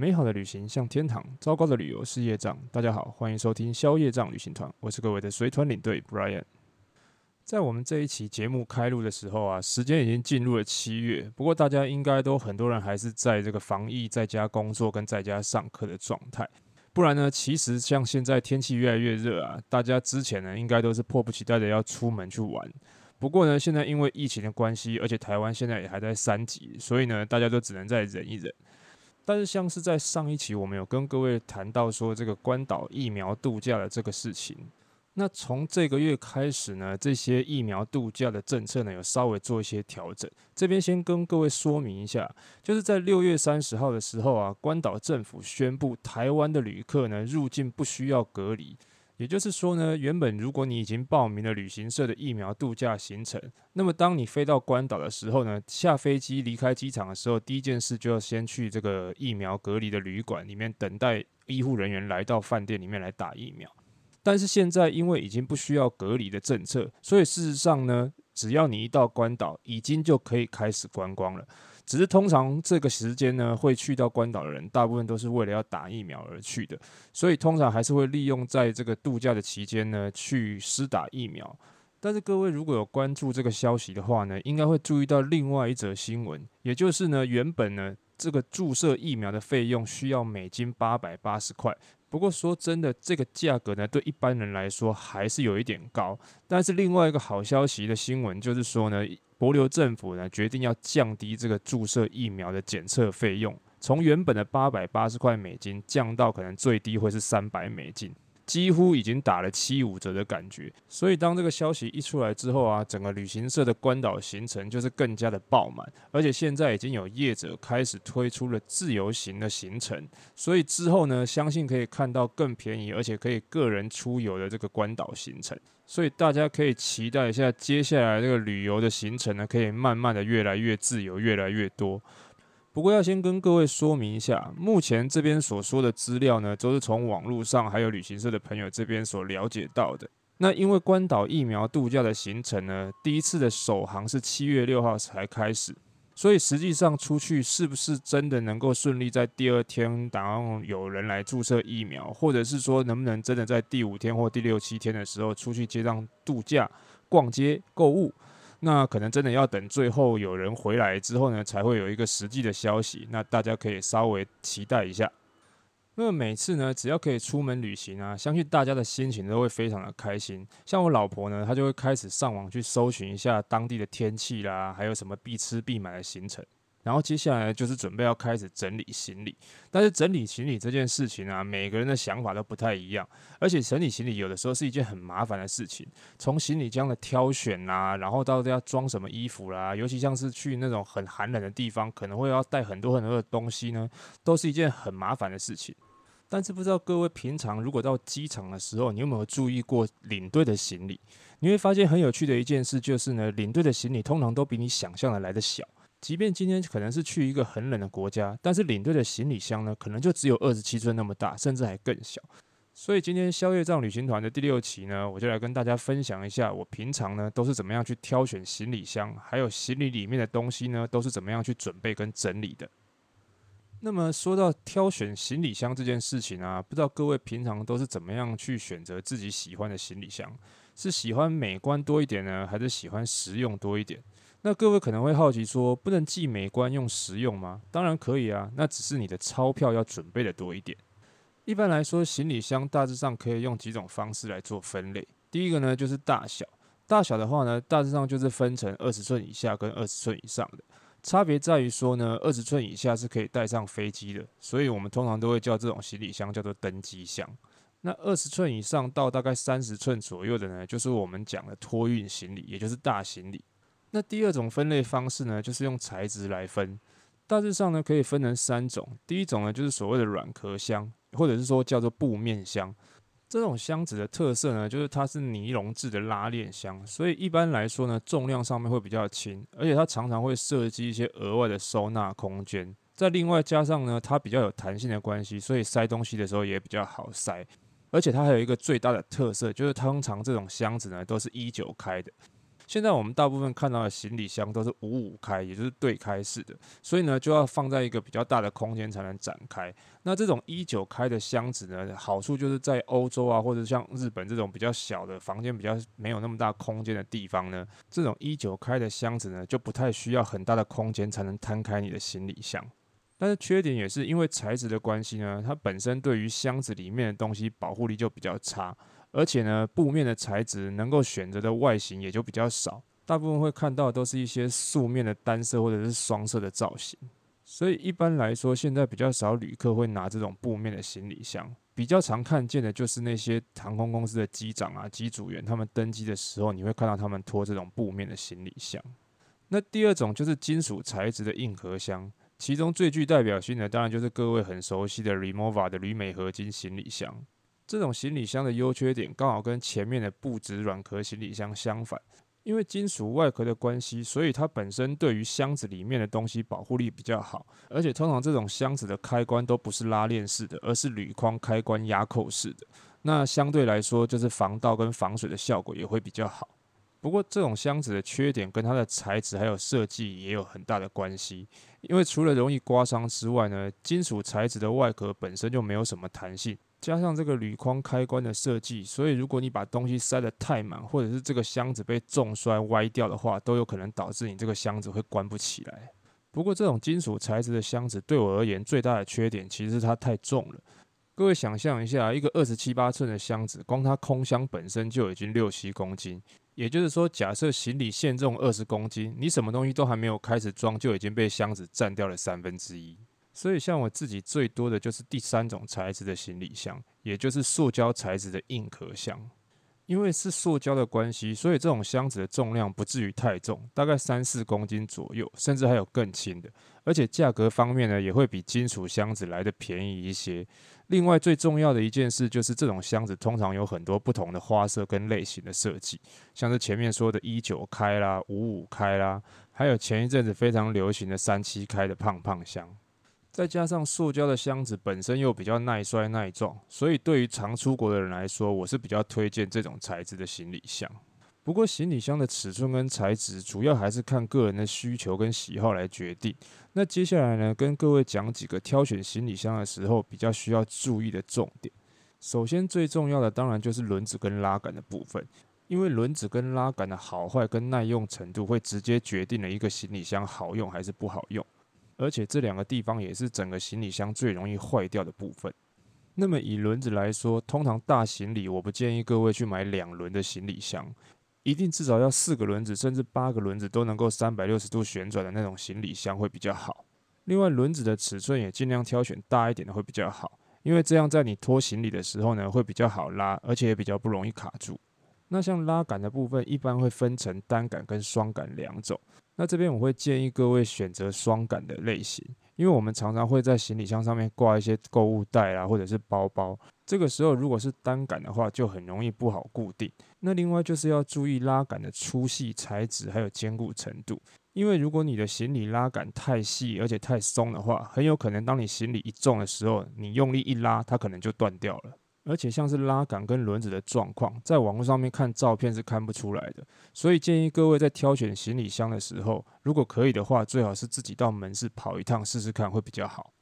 美好的旅行像天堂，糟糕的旅遊是業障。大家好，歡迎收聽《消業障旅行團》，我是各位的隨團領隊 Brian。在我們這一期節目開錄的時候啊，時間已經進入了七月。不過大家應該都很多人還是在這個防疫在家工作跟在家上課的狀態。不然呢，其實像現在天氣越來越熱啊，大家之前呢應該都是迫不及待的要出門去玩。不過呢，現在因為疫情的關係，而且台灣現在也還在三級，所以呢，大家都只能再忍一忍。但是像是在上一期我們有跟各位談到說這個關島疫苗度假的這個事情，那從這個月開始呢，這些疫苗度假的政策呢有稍微做一些調整。這邊先跟各位說明一下，就是在六月三十號的時候啊，關島政府宣布台灣的旅客呢入境不需要隔離。也就是說呢，原本如果你已經報名了旅行社的疫苗度假行程，那麼當你飛到關島的時候呢，下飛機離開機場的時候，第一件事就要先去這個疫苗隔離的旅館裡面等待醫護人員來到飯店裡面來打疫苗。但是現在因為已經不需要隔離的政策，所以事實上呢，只要你一到關島，已經就可以開始觀光了。只是通常這個時間呢，會去到關島的人，大部分都是為了要打疫苗而去的，所以通常還是會利用在這個度假的期間呢，去施打疫苗。但是各位如果有關注這個消息的話呢，應該會注意到另外一則新聞，也就是呢，原本呢這個注射疫苗的費用需要美金八百八十塊。不過說真的，這個價格呢，對一般人來說還是有一點高。但是另外一個好消息的新聞就是說呢，帛琉政府呢決定要降低這個注射疫苗的檢測費用，從原本的八百八十塊美金，降到可能最低會是三百美金。幾乎已經打了七五折的感覺，所以當這個消息一出來之後啊，整個旅行社的關島行程就是更加的爆滿，而且現在已經有業者開始推出了自由行的行程，所以之後呢，相信可以看到更便宜而且可以個人出遊的這個關島行程，所以大家可以期待一下接下來這個旅遊的行程呢，可以慢慢的越來越自由，越來越多。不過要先跟各位說明一下，目前這邊所說的資料呢，都是從網絡上還有旅行社的朋友這邊所了解到的。那因為關島疫苗度假的行程呢，第一次的首航是七月六號才開始，所以實際上出去是不是真的能夠順利在第二天，打上有人來注射疫苗，或者是說能不能真的在第五天或第六七天的時候出去街上度假、逛街、購物？那可能真的要等最後有人回來之後呢，才會有一個實際的消息。那大家可以稍微期待一下。那每次呢，只要可以出門旅行啊，相信大家的心情都會非常的開心。像我老婆呢，她就會開始上網去搜尋一下當地的天氣啦，還有什麼必吃必買的行程。然後接下來就是準備要開始整理行李，但是整理行李這件事情啊，每個人的想法都不太一樣，而且整理行李有的時候是一件很麻煩的事情，從行李箱的挑選啦、啊，然後到底要裝什麼衣服啦、啊，尤其像是去那種很寒冷的地方，可能會要帶很多很多的東西呢，都是一件很麻煩的事情。但是不知道各位平常如果到機場的時候，你有沒有注意過領隊的行李？你會發現很有趣的一件事就是呢，領隊的行李通常都比你想象的來得小。即便今天可能是去一個很冷的國家，但是領隊的行李箱呢，可能就只有二十七寸那麼大，甚至還更小。所以今天消業障旅行團的第六期呢，我就來跟大家分享一下我平常呢，都是怎麼樣去挑選行李箱，還有行李裡面的東西呢，都是怎麼樣去準備跟整理的。那麼說到挑選行李箱這件事情啊，不知道各位平常都是怎麼樣去選擇自己喜歡的行李箱？是喜歡美觀多一點呢，還是喜歡實用多一點？那各位可能會好奇說，不能既美觀又實用嗎？當然可以啊，那只是你的鈔票要準備得多一點。一般來說，行李箱大致上可以用幾種方式來做分類。第一個呢，就是大小。大小的話呢，大致上就是分成二十寸以下跟二十寸以上的，差別在於說呢，二十寸以下是可以帶上飛機的，所以我們通常都會叫這種行李箱叫做登機箱。那二十寸以上到大概三十寸左右的呢，就是我們講的托運行李，也就是大行李。那第二種分類方式呢，就是用材質來分，大致上呢可以分成三種。第一種呢就是所謂的軟殼箱，或者是說叫做布面箱。這種箱子的特色呢，就是它是尼龍制的拉鏈箱，所以一般來說呢，重量上面會比較輕，而且它常常會設計一些額外的收納空間。再另外加上呢，它比較有彈性的關係，所以塞東西的時候也比較好塞。而且它還有一個最大的特色，就是通常這種箱子呢都是一九開的。現在我們大部分看到的行李箱都是五五開，也就是對開式的，所以呢就要放在一個比較大的空間才能展開。那這種一九開的箱子呢，好處就是在歐洲啊或者像日本這種比較小的房間，比較沒有那麼大空間的地方呢，這種一九開的箱子呢就不太需要很大的空間才能攤開你的行李箱。但是缺點也是因為材質的關係呢，它本身對於箱子裡面的東西保護力就比較差。而且呢，布面的材質能夠選擇的外形也就比較少，大部分會看到都是一些素面的單色或者是雙色的造型。所以一般來說，現在比較少旅客會拿這種布面的行李箱，比較常看見的就是那些航空公司的機長啊、機組員，他們登機的時候，你會看到他們拖這種布面的行李箱。那第二種就是金屬材質的硬殼箱，其中最具代表性的當然就是各位很熟悉的 RIMOWA 的鋁鎂合金行李箱。這種行李箱的優缺點剛好跟前面的布質軟殼行李箱相反，因為金屬外殼的關係，所以它本身對於箱子裡面的東西保護力比較好，而且通常這種箱子的開關都不是拉鏈式的，而是鋁框開關壓扣式的。那相對來說，就是防盜跟防水的效果也會比較好。不過這種箱子的缺點跟它的材質還有設計也有很大的關係，因為除了容易刮傷之外呢，金屬材質的外殼本身就沒有什麼彈性。加上這個鋁框開關的設計，所以如果你把東西塞得太滿，或者是這個箱子被重摔歪掉的話，都有可能導致你這個箱子會關不起來。不過這種金屬材質的箱子對我而言最大的缺點，其實是它太重了。各位想象一下，一個二十七八寸的箱子，光它空箱本身就已經六七公斤。也就是說，假設行李限重二十公斤，你什麼東西都還沒有開始裝，就已經被箱子占掉了三分之一。所以，像我自己最多的就是第三種材質的行李箱，也就是塑膠材質的硬殼箱。因為是塑膠的關係，所以這種箱子的重量不至於太重，大概三四公斤左右，甚至還有更輕的。而且價格方面呢，也會比金屬箱子來得便宜一些。另外，最重要的一件事就是，這種箱子通常有很多不同的花色跟類型的設計，像是前面說的一九開啦、五五開啦，還有前一陣子非常流行的三七開的胖胖箱。再加上塑膠的箱子本身又比較耐摔耐撞，所以對於常出國的人來說，我是比較推薦這種材質的行李箱。不過行李箱的尺寸跟材質主要還是看個人的需求跟喜好來決定。那接下來呢，跟各位講幾個挑選行李箱的時候比較需要注意的重點。首先最重要的當然就是輪子跟拉桿的部分，因為輪子跟拉杆的好壞跟耐用程度會直接決定了一個行李箱好用還是不好用。而且這兩個地方也是整個行李箱最容易壞掉的部分。那麼以輪子來說，通常大行李我不建議各位去買兩輪的行李箱，一定至少要四個輪子，甚至八個輪子都能夠三百六十度旋轉的那種行李箱會比較好。另外輪子的尺寸也盡量挑選大一點的會比較好，因為這樣在你拖行李的時候呢，會比較好拉，而且也比較不容易卡住。那像拉桿的部分，一般會分成單桿跟雙桿兩種。那這邊我會建議各位選擇雙桿的類型，因為我們常常會在行李箱上面掛一些購物袋啊，或者是包包。這個時候如果是單桿的話，就很容易不好固定。那另外就是要注意拉桿的粗細、材質還有堅固程度。因為如果你的行李拉桿太細，而且太鬆的話，很有可能當你行李一重的時候，你用力一拉，它可能就斷掉了。而且像是拉桿跟輪子的狀況，在網絡上面看照片是看不出來的，所以建議各位在挑選行李箱的時候，如果可以的話，最好是自己到門市跑一趟試試看會比較好。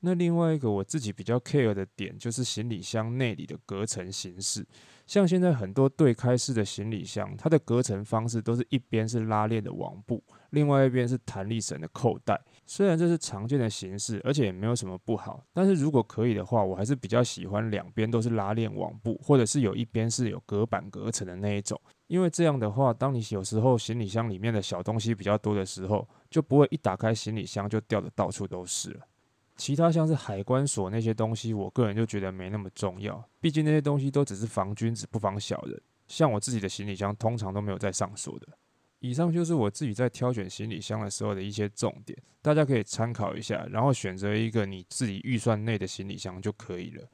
那另外一個我自己比較 care 的點，就是行李箱內裡的隔層形式。像現在很多對開式的行李箱，它的隔層方式都是一邊是拉鏈的網布，另外一邊是彈力繩的扣帶。雖然這是常見的形式，而且也沒有什麼不好，但是如果可以的話，我還是比較喜歡兩邊都是拉鏈網布，或者是有一邊是有隔板隔層的那一種，因為這樣的話，當你有時候行李箱裡面的小東西比較多的時候，就不會一打開行李箱就掉得到處都是了。其他像是海關鎖那些東西，我個人就覺得沒那麼重要，畢竟那些東西都只是防君子，不防小人。像我自己的行李箱，通常都沒有在上鎖的。以上就是我自己在挑選行李箱的時候的一些重點，大家可以參考一下，然後選擇一個你自己預算內的行李箱就可以了。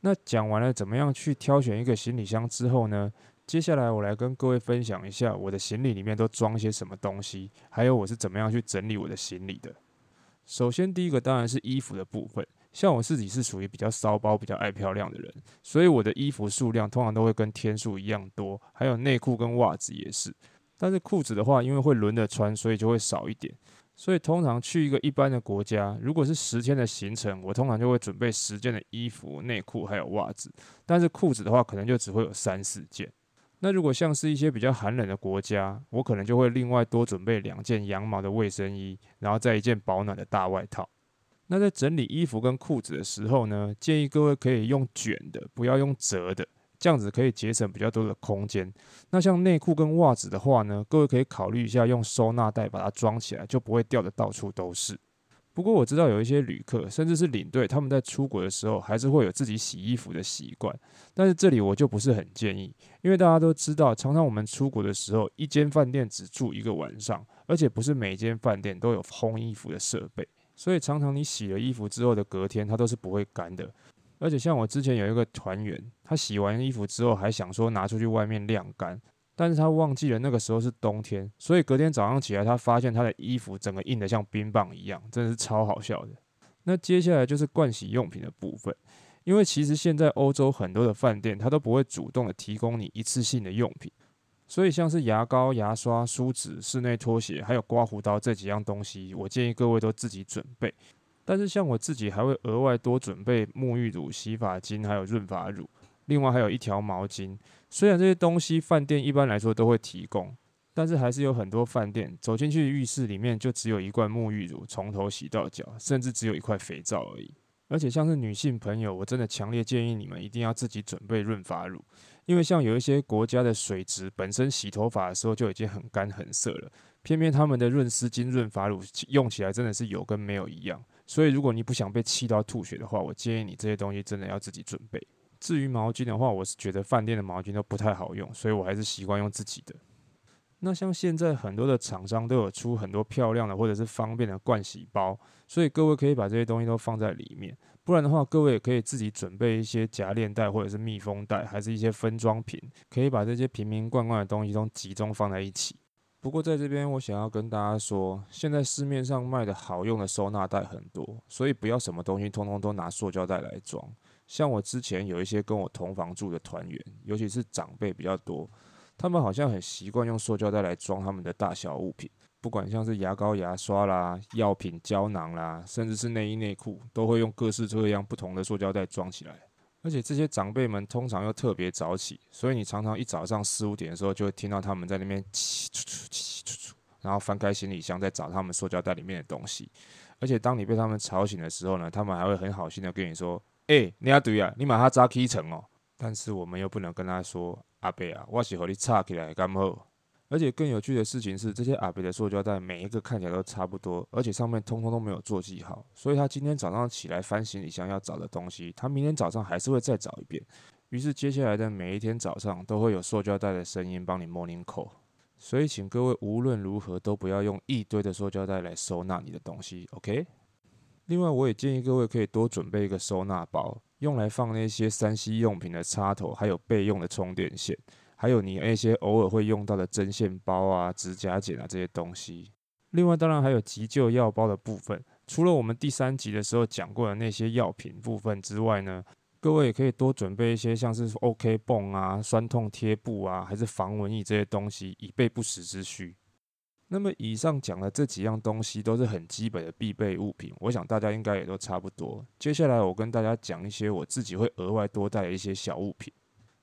那講完了怎麼樣去挑選一個行李箱之後呢？接下來我來跟各位分享一下我的行李裡面都裝些什麼東西，還有我是怎麼樣去整理我的行李的。首先，第一個當然是衣服的部分，像我自己是屬於比較騷包、比較愛漂亮的人，所以我的衣服數量通常都會跟天數一樣多，還有內褲跟襪子也是。但是褲子的話，因為會輪着穿，所以就會少一點。所以通常去一個一般的國家，如果是十天的行程，我通常就會準備十件的衣服、內褲還有襪子。但是褲子的話，可能就只會有三四件。那如果像是一些比較寒冷的國家，我可能就會另外多準備兩件羊毛的衛生衣，然後再一件保暖的大外套。那在整理衣服跟褲子的時候呢，建議各位可以用卷的，不要用折的。這樣子可以節省比較多的空間。那像內褲跟襪子的話呢，各位可以考慮一下用收納袋把它裝起來，就不會掉得到處都是。不過我知道有一些旅客，甚至是領隊，他們在出國的時候還是會有自己洗衣服的習慣。但是這裡我就不是很建議，因為大家都知道，常常我們出國的時候，一間飯店只住一個晚上，而且不是每間飯店都有烘衣服的設備，所以常常你洗了衣服之後的隔天，它都是不會乾的。而且像我之前有一個團員。他洗完衣服之後還想說拿出去外面晾乾，但是他忘記了那個時候是冬天，所以隔天早上起來他發現他的衣服整個硬得像冰棒一樣，真是超好笑的。那接下來就是盥洗用品的部分，因為其實現在歐洲很多的飯店他都不會主動的提供你一次性的用品，所以像是牙膏、牙刷、梳子、室內拖鞋還有刮鬍刀這幾樣東西，我建議各位都自己準備。但是像我自己還會額外多準備沐浴乳、洗髮精還有潤髮乳。另外還有一條毛巾，雖然這些東西飯店一般來說都會提供，但是還是有很多飯店走進去浴室裡面就只有一罐沐浴乳，從頭洗到腳，甚至只有一塊肥皂而已。而且像是女性朋友，我真的強烈建議你們一定要自己準備潤髮乳，因為像有一些國家的水質本身洗頭髮的時候就已經很乾很澀了，偏偏他們的潤絲精、潤髮乳用起來真的是有跟沒有一樣。所以如果你不想被氣到吐血的話，我建議你這些東西真的要自己準備。至於毛巾的話，我是覺得飯店的毛巾都不太好用，所以我還是習慣用自己的。那像現在很多的廠商都有出很多漂亮的或者是方便的盥洗包，所以各位可以把這些東西都放在裡面。不然的話，各位也可以自己準備一些夾鏈袋或者是密封袋，還是一些分裝瓶，可以把這些瓶瓶罐罐的東西都集中放在一起。不過在這邊我想要跟大家說，現在市面上賣的好用的收納袋很多，所以不要什麼東西通通都拿塑膠袋來裝。像我之前有一些跟我同房住的團員，尤其是長輩比較多，他們好像很習慣用塑膠袋來裝他們的大小物品，不管像是牙膏、牙刷啦、藥品、膠囊啦，甚至是內衣內褲，都會用各式各樣不同的塑膠袋裝起來。而且這些長輩們通常又特別早起，所以你常常一早上四五點的時候，就會聽到他們在那邊，然後翻開行李箱再找他們塑膠袋裡面的東西。而且當你被他們吵醒的時候呢，他們還會很好心的跟你說。誒，你要對啊，你把它扎起層哦。但是我們又不能跟他說，阿伯啊，我是和你吵起來，然好。而且更有趣的事情是，這些阿伯的塑膠袋每一個看起來都差不多，而且上面通通都沒有做記號。所以他今天早上起來翻行李箱要找的東西，他明天早上還是會再找一遍。於是接下來的每一天早上，都會有塑膠袋的聲音幫你 morning call。所以請各位無論如何都不要用一堆的塑膠袋來收納你的東西，OK？另外，我也建議各位可以多準備一個收納包，用來放那些三 C 用品的插頭，還有備用的充電線，還有你那些偶爾會用到的針線包啊、指甲剪啊這些東西。另外，當然還有急救藥包的部分，除了我們第三集的時候講過的那些藥品部分之外呢，各位也可以多準備一些像是 OK 繃啊、痠痛貼布啊，還是防蚊液這些東西，以備不時之需。那麼以上講的這幾樣東西都是很基本的必備物品，我想大家應該也都差不多。接下來我跟大家講一些我自己會額外多帶的一些小物品。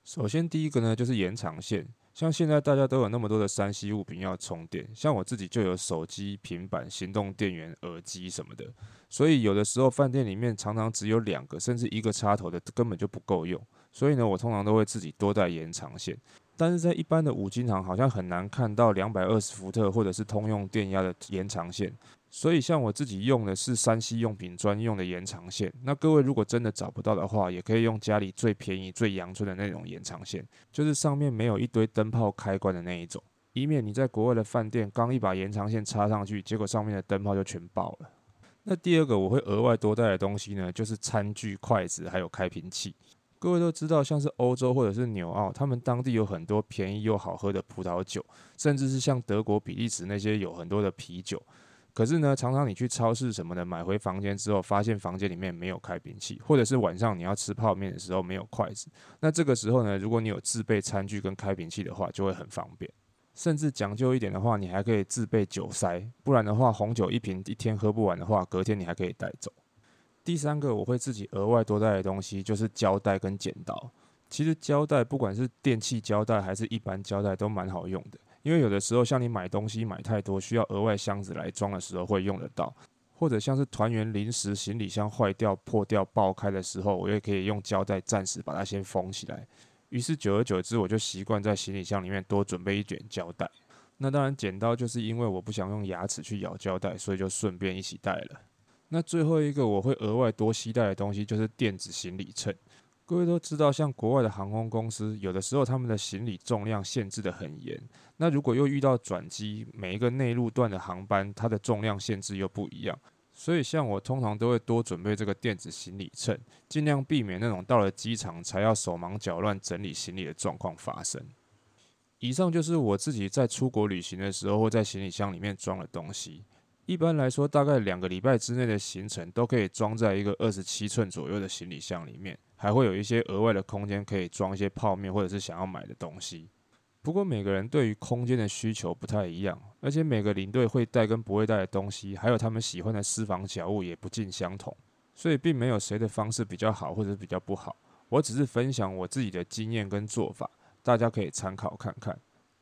首先第一個呢就是延長線，像現在大家都有那麼多的三 C 物品要充電，像我自己就有手機、平板、行動電源、耳機什麼的，所以有的時候飯店裡面常常只有兩個甚至一個插頭的根本就不夠用，所以呢我通常都會自己多帶延長線。但是在一般的五金行，好像很難看到兩百二十伏特或者是通用電壓的延長線，所以像我自己用的是 3C 用品專用的延長線。那各位如果真的找不到的話，也可以用家裡最便宜最陽春的那種延長線，就是上面沒有一堆燈泡開關的那一種，以免你在國外的飯店剛一把延長線插上去，結果上面的燈泡就全爆了。那第二個我會額外多帶的東西呢，就是餐具、筷子還有開瓶器。各位都知道，像是歐洲或者是紐澳，他們當地有很多便宜又好喝的葡萄酒，甚至是像德國、比利時那些有很多的啤酒。可是呢，常常你去超市什麼的，買回房間之後，發現房間裡面沒有開瓶器，或者是晚上你要吃泡麵的時候沒有筷子。那這個時候呢，如果你有自備餐具跟開瓶器的話，就會很方便。甚至講究一點的話，你還可以自備酒塞，不然的話，紅酒一瓶一天喝不完的話，隔天你還可以帶走。第三個我會自己額外多帶的東西就是膠帶跟剪刀。其實膠帶不管是電器膠帶還是一般膠帶都蠻好用的，因為有的時候像你買東西買太多需要額外箱子來裝的時候會用得到，或者像是團員臨時行李箱壞掉、破掉、爆開的時候，我也可以用膠帶暫時把它先封起來。於是久而久之我就習慣在行李箱裡面多準備一卷膠帶。那當然剪刀就是因為我不想用牙齒去咬膠帶，所以就順便一起帶了。那最後一個我會額外多攜帶的東西就是電子行李秤。各位都知道，像國外的航空公司，有的時候他們的行李重量限制得很嚴。那如果又遇到轉機，每一個內陸段的航班，它的重量限制又不一樣。所以像我通常都會多準備這個電子行李秤，盡量避免那種到了機場才要手忙腳亂整理行李的狀況發生。以上就是我自己在出國旅行的時候，會在行李箱裡面裝的東西。一般來說，大概兩個禮拜之內的行程都可以裝在一個二十七寸左右的行李箱裡面，還會有一些額外的空間可以裝一些泡麵或者是想要買的東西。不過每個人對於空間的需求不太一樣，而且每個領隊會帶跟不會帶的東西，還有他們喜歡的私房小物也不盡相同，所以並沒有誰的方式比較好或者比較不好。我只是分享我自己的經驗跟做法，大家可以參考看看。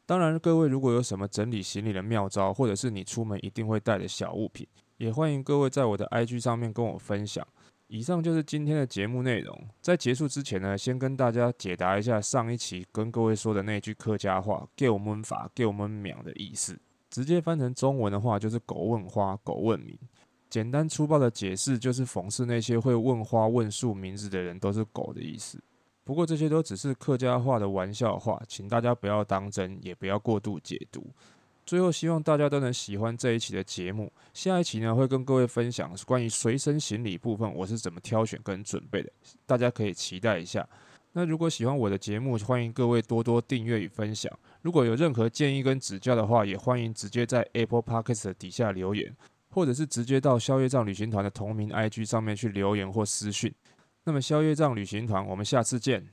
當然，各位如果有什麼整理行李的妙招，或者是你出門一定會帶的小物品，也歡迎各位在我的 IG 上面跟我分享。以上就是今天的節目內容。在結束之前呢，先跟大家解答一下上一期跟各位說的那句客家話“給我們法，給我們秒”的意思。直接翻成中文的話，就是“狗問花，狗問名”。簡單粗暴的解釋就是諷刺那些會問花問樹名字的人都是狗的意思。不過這些都只是客家話的玩笑話，請大家不要當真，也不要過度解讀。最後，希望大家都能喜歡這一期的節目。下一期呢，會跟各位分享關於隨身行李部分我是怎麼挑選跟準備的，大家可以期待一下。那如果喜歡我的節目，歡迎各位多多訂閱與分享。如果有任何建議跟指教的話，也歡迎直接在 Apple Podcast 底下留言，或者是直接到消業障旅行團的同名 IG 上面去留言或私訊。那麼，消業障旅行團，我們下次見。